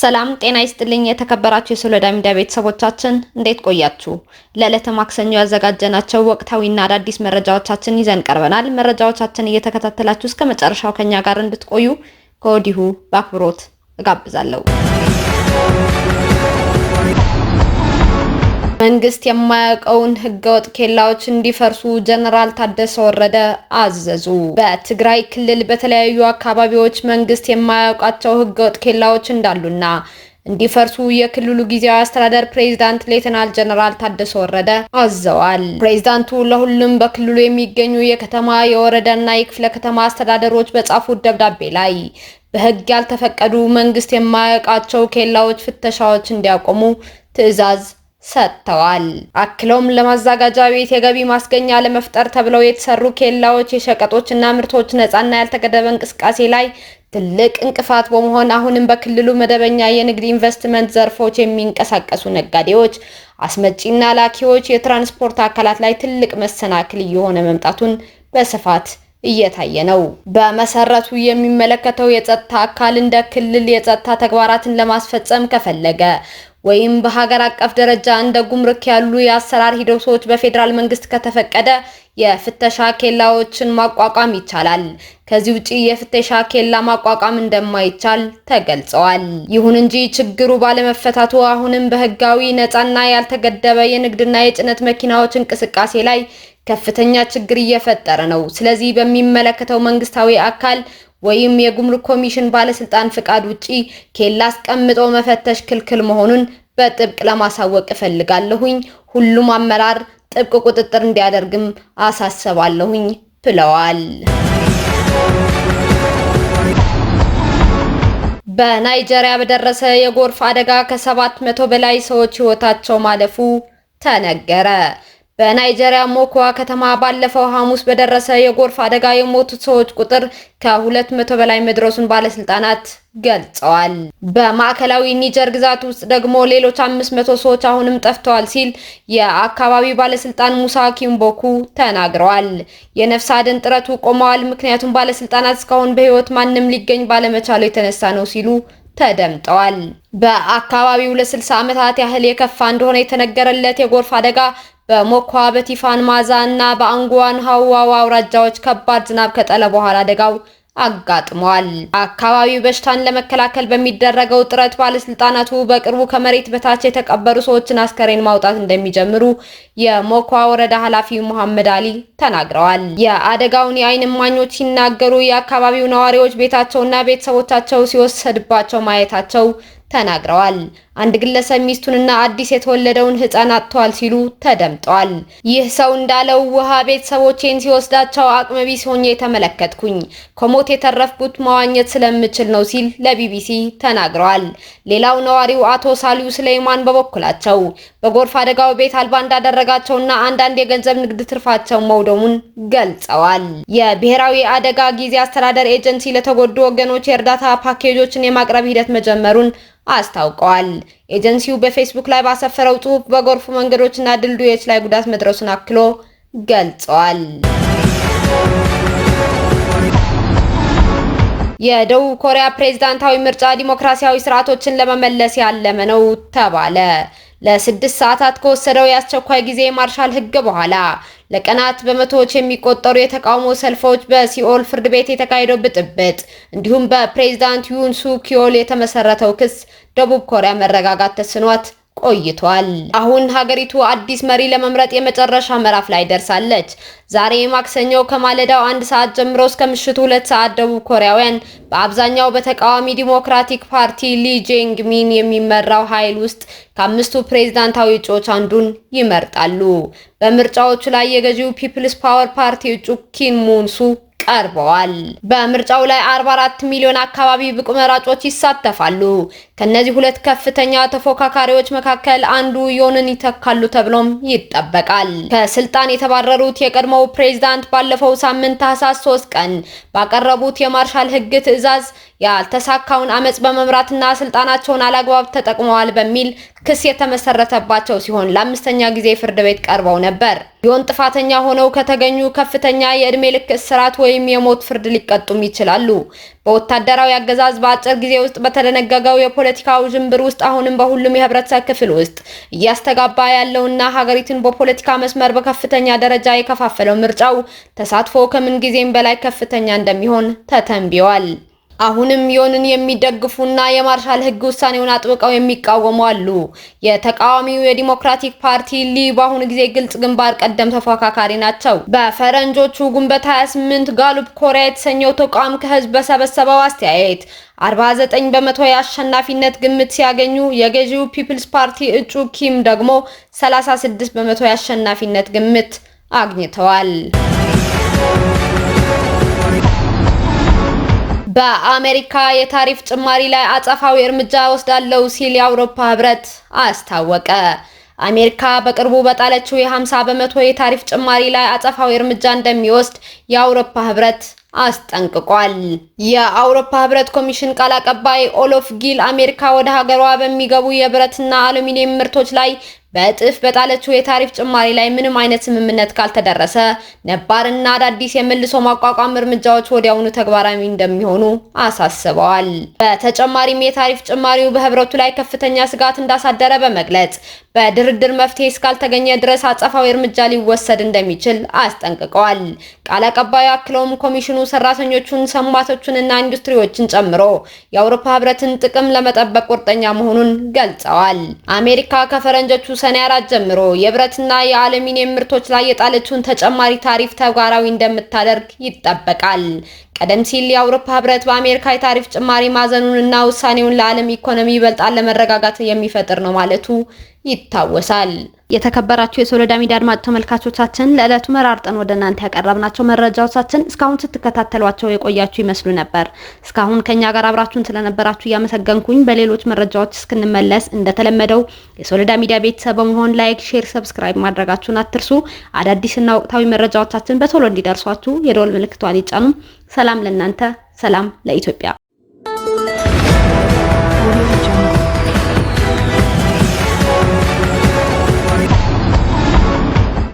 ሰላም ጤና ይስጥልኝ። የተከበራችሁ የሶሎዳ ሚዲያ ቤተሰቦቻችን እንዴት ቆያችሁ? ለዕለተ ማክሰኞ ያዘጋጀናቸው ወቅታዊና አዳዲስ መረጃዎቻችን ይዘን ቀርበናል። መረጃዎቻችን እየተከታተላችሁ እስከ መጨረሻው ከኛ ጋር እንድትቆዩ ከወዲሁ በአክብሮት እጋብዛለሁ። መንግስት የማያውቀውን ህገወጥ ኬላዎች እንዲፈርሱ ጀነራል ታደሰ ወረደ አዘዙ። በትግራይ ክልል በተለያዩ አካባቢዎች መንግስት የማያውቃቸው ህገወጥ ኬላዎች እንዳሉና እንዲፈርሱ የክልሉ ጊዜያዊ አስተዳደር ፕሬዚዳንት ሌተናል ጀነራል ታደሰ ወረደ አዘዋል። ፕሬዚዳንቱ ለሁሉም በክልሉ የሚገኙ የከተማ የወረዳና የክፍለ ከተማ አስተዳደሮች በጻፉት ደብዳቤ ላይ በህግ ያልተፈቀዱ መንግስት የማያውቃቸው ኬላዎች ፍተሻዎች እንዲያቆሙ ትዕዛዝ ሰጥተዋል። አክለውም ለማዘጋጃ ቤት የገቢ ማስገኛ ለመፍጠር ተብለው የተሰሩ ኬላዎች የሸቀጦችና ምርቶች ነጻና ያልተገደበ እንቅስቃሴ ላይ ትልቅ እንቅፋት በመሆን አሁንም በክልሉ መደበኛ የንግድ ኢንቨስትመንት ዘርፎች የሚንቀሳቀሱ ነጋዴዎች፣ አስመጪና ላኪዎች፣ የትራንስፖርት አካላት ላይ ትልቅ መሰናክል እየሆነ መምጣቱን በስፋት እየታየ ነው። በመሰረቱ የሚመለከተው የጸጥታ አካል እንደ ክልል የጸጥታ ተግባራትን ለማስፈጸም ከፈለገ ወይም በሀገር አቀፍ ደረጃ እንደ ጉምሩክ ያሉ የአሰራር ሂደቶች በፌዴራል መንግስት ከተፈቀደ የፍተሻ ኬላዎችን ማቋቋም ይቻላል። ከዚህ ውጪ የፍተሻ ኬላ ማቋቋም እንደማይቻል ተገልጸዋል። ይሁን እንጂ ችግሩ ባለመፈታቱ አሁንም በህጋዊ ነፃና ያልተገደበ የንግድና የጭነት መኪናዎች እንቅስቃሴ ላይ ከፍተኛ ችግር እየፈጠረ ነው። ስለዚህ በሚመለከተው መንግስታዊ አካል ወይም የጉምሩክ ኮሚሽን ባለስልጣን ፍቃድ ውጪ ኬላ አስቀምጦ መፈተሽ ክልክል መሆኑን በጥብቅ ለማሳወቅ እፈልጋለሁኝ። ሁሉም አመራር ጥብቅ ቁጥጥር እንዲያደርግም አሳሰባለሁኝ ብለዋል። በናይጄሪያ በደረሰ የጎርፍ አደጋ ከሰባት መቶ በላይ ሰዎች ህይወታቸው ማለፉ ተነገረ። በናይጄሪያ ሞኮዋ ከተማ ባለፈው ሐሙስ በደረሰ የጎርፍ አደጋ የሞቱት ሰዎች ቁጥር ከሁለት መቶ በላይ መድረሱን ባለስልጣናት ገልጸዋል። በማዕከላዊ ኒጀር ግዛት ውስጥ ደግሞ ሌሎች አምስት መቶ ሰዎች አሁንም ጠፍተዋል ሲል የአካባቢው ባለስልጣን ሙሳ ኪምቦኩ ተናግረዋል። የነፍስ አድን ጥረቱ ቆመዋል፣ ምክንያቱም ባለስልጣናት እስካሁን በህይወት ማንም ሊገኝ ባለመቻሉ የተነሳ ነው ሲሉ ተደምጠዋል። በአካባቢው ለ60 ዓመታት ያህል የከፋ እንደሆነ የተነገረለት የጎርፍ አደጋ በሞኳ በቲፋን ማዛ እና በአንጓን ሀዋው አውራጃዎች ከባድ ዝናብ ከጠለ በኋላ አደጋው አጋጥሟል። አካባቢው በሽታን ለመከላከል በሚደረገው ጥረት ባለስልጣናቱ በቅርቡ ከመሬት በታች የተቀበሩ ሰዎችን አስከሬን ማውጣት እንደሚጀምሩ የሞኳ ወረዳ ኃላፊ መሐመድ አሊ ተናግረዋል። የአደጋውን የአይን እማኞች ሲናገሩ የአካባቢው ነዋሪዎች ቤታቸውና ቤተሰቦቻቸው ሲወሰድባቸው ማየታቸው ተናግረዋል። አንድ ግለሰብ ሚስቱንና አዲስ የተወለደውን ህፃን አጥተዋል ሲሉ ተደምጠዋል። ይህ ሰው እንዳለው ውሃ ቤተሰቦቼን ሲወስዳቸው አቅመ ቢስ ሆኜ የተመለከትኩኝ ከሞት የተረፍኩት መዋኘት ስለምችል ነው ሲል ለቢቢሲ ተናግረዋል። ሌላው ነዋሪው አቶ ሳሊው ስለይማን በበኩላቸው በጎርፍ አደጋው ቤት አልባ እንዳደረጋቸውና አንዳንድ የገንዘብ ንግድ ትርፋቸው መውደሙን ገልጸዋል። የብሔራዊ አደጋ ጊዜ አስተዳደር ኤጀንሲ ለተጎዱ ወገኖች የእርዳታ ፓኬጆችን የማቅረብ ሂደት መጀመሩን አስታውቀዋል። ኤጀንሲው በፌስቡክ ላይ ባሰፈረው ጽሑፍ በጎርፉ መንገዶችና ድልድዮች ላይ ጉዳት መድረሱን አክሎ ገልጸዋል። የደቡብ ኮሪያ ፕሬዝዳንታዊ ምርጫ ዲሞክራሲያዊ ስርዓቶችን ለመመለስ ያለመ ነው ተባለ። ለስድስት ሰዓታት ከወሰደው የአስቸኳይ ጊዜ ማርሻል ህግ በኋላ ለቀናት በመቶዎች የሚቆጠሩ የተቃውሞ ሰልፎች፣ በሲኦል ፍርድ ቤት የተካሄደው ብጥብጥ እንዲሁም በፕሬዝዳንት ዩን ሱ ኪዮል የተመሰረተው ክስ ደቡብ ኮሪያ መረጋጋት ተስኗት ቆይቷል። አሁን ሀገሪቱ አዲስ መሪ ለመምረጥ የመጨረሻ ምዕራፍ ላይ ደርሳለች። ዛሬ ማክሰኞ ከማለዳው አንድ ሰዓት ጀምሮ እስከ ምሽቱ ሁለት ሰዓት ደቡብ ኮሪያውያን በአብዛኛው በተቃዋሚ ዲሞክራቲክ ፓርቲ ሊጄንግ ሚን የሚመራው ኃይል ውስጥ ከአምስቱ ፕሬዝዳንታዊ እጩዎች አንዱን ይመርጣሉ። በምርጫዎቹ ላይ የገዢው ፒፕልስ ፓወር ፓርቲ እጩ ኪን ሙንሱ ቀርበዋል። በምርጫው ላይ 44 ሚሊዮን አካባቢ ብቁ መራጮች ይሳተፋሉ። ከነዚህ ሁለት ከፍተኛ ተፎካካሪዎች መካከል አንዱ ዮንን ይተካሉ ተብሎም ይጠበቃል። ከስልጣን የተባረሩት የቀድሞ የቀድሞው ፕሬዝዳንት ባለፈው ሳምንት ታህሳስ 3 ቀን ባቀረቡት የማርሻል ህግ ትዕዛዝ ያልተሳካውን አመጽ በመምራትና ስልጣናቸውን አላግባብ ተጠቅመዋል በሚል ክስ የተመሰረተባቸው ሲሆን ለአምስተኛ ጊዜ ፍርድ ቤት ቀርበው ነበር። ቢሆን ጥፋተኛ ሆነው ከተገኙ ከፍተኛ የእድሜ ልክ እስራት ወይም የሞት ፍርድ ሊቀጡም ይችላሉ። በወታደራዊ አገዛዝ በአጭር ጊዜ ውስጥ በተደነገገው የፖለቲካው ውዥንብር ውስጥ አሁንም በሁሉም የህብረተሰብ ክፍል ውስጥ እያስተጋባ ያለውና ሀገሪቱን በፖለቲካ መስመር በከፍተኛ ደረጃ የከፋፈለው ምርጫው ተሳትፎ ከምን ጊዜም በላይ ከፍተኛ እንደሚሆን ተተንብየዋል። አሁንም ዮንን የሚደግፉና የማርሻል ሕግ ውሳኔውን አጥብቀው የሚቃወሙ አሉ። የተቃዋሚው የዲሞክራቲክ ፓርቲ ሊ በአሁኑ ጊዜ ግልጽ ግንባር ቀደም ተፎካካሪ ናቸው። በፈረንጆቹ ግንቦት 28 ጋሉፕ ኮሪያ የተሰኘው ተቋም ከህዝብ በሰበሰበው አስተያየት 49 በመቶ የአሸናፊነት ግምት ሲያገኙ የገዢው ፒፕልስ ፓርቲ እጩ ኪም ደግሞ 36 በመቶ የአሸናፊነት ግምት አግኝተዋል። በአሜሪካ የታሪፍ ጭማሪ ላይ አጸፋዊ እርምጃ ወስዳለው ሲል የአውሮፓ ህብረት አስታወቀ። አሜሪካ በቅርቡ በጣለችው የ50 በመቶ የታሪፍ ጭማሪ ላይ አጸፋዊ እርምጃ እንደሚወስድ የአውሮፓ ህብረት አስጠንቅቋል። የአውሮፓ ህብረት ኮሚሽን ቃል አቀባይ ኦሎፍ ጊል አሜሪካ ወደ ሀገሯ በሚገቡ የብረትና አሉሚኒየም ምርቶች ላይ በእጥፍ በጣለችው የታሪፍ ጭማሪ ላይ ምንም አይነት ስምምነት ካልተደረሰ ነባርና አዳዲስ የመልሶ ማቋቋም እርምጃዎች ወዲያውኑ ተግባራዊ እንደሚሆኑ አሳስበዋል። በተጨማሪም የታሪፍ ጭማሪው በህብረቱ ላይ ከፍተኛ ስጋት እንዳሳደረ በመግለጽ በድርድር መፍትሄ እስካልተገኘ ድረስ አጸፋዊ እርምጃ ሊወሰድ እንደሚችል አስጠንቅቀዋል። ቃል አቀባዩ አክለውም ኮሚሽኑ ሰራተኞቹን፣ ሰማቶቹንና ኢንዱስትሪዎችን ጨምሮ የአውሮፓ ህብረትን ጥቅም ለመጠበቅ ቁርጠኛ መሆኑን ገልጸዋል። አሜሪካ ከፈረንጆቹ ከሰኔ አራት ጀምሮ የብረትና የአሉሚኒየም ምርቶች ላይ የጣለችውን ተጨማሪ ታሪፍ ተግባራዊ እንደምታደርግ ይጠበቃል። ቀደም ሲል የአውሮፓ ህብረት በአሜሪካ የታሪፍ ጭማሪ ማዘኑንና ውሳኔውን ለዓለም ኢኮኖሚ ይበልጣል ለመረጋጋት የሚፈጥር ነው ማለቱ ይታወሳል። የተከበራችሁ የሶሎዳ ሚዲያ አድማጭ ተመልካቾቻችን ለዕለቱ መራርጠን ወደ እናንተ ያቀረብናቸው መረጃዎቻችን እስካሁን ስትከታተሏቸው የቆያችሁ ይመስሉ ነበር። እስካሁን ከኛ ጋር አብራችሁን ስለነበራችሁ እያመሰገንኩኝ በሌሎች መረጃዎች እስክንመለስ እንደተለመደው የሶሎዳ ሚዲያ ቤተሰብ በመሆን ላይክ፣ ሼር፣ ሰብስክራይብ ማድረጋችሁን አትርሱ። አዳዲስና ወቅታዊ መረጃዎቻችን በቶሎ እንዲደርሷችሁ የደወል ምልክቷን ይጫኑም። ሰላም ለእናንተ፣ ሰላም ለኢትዮጵያ።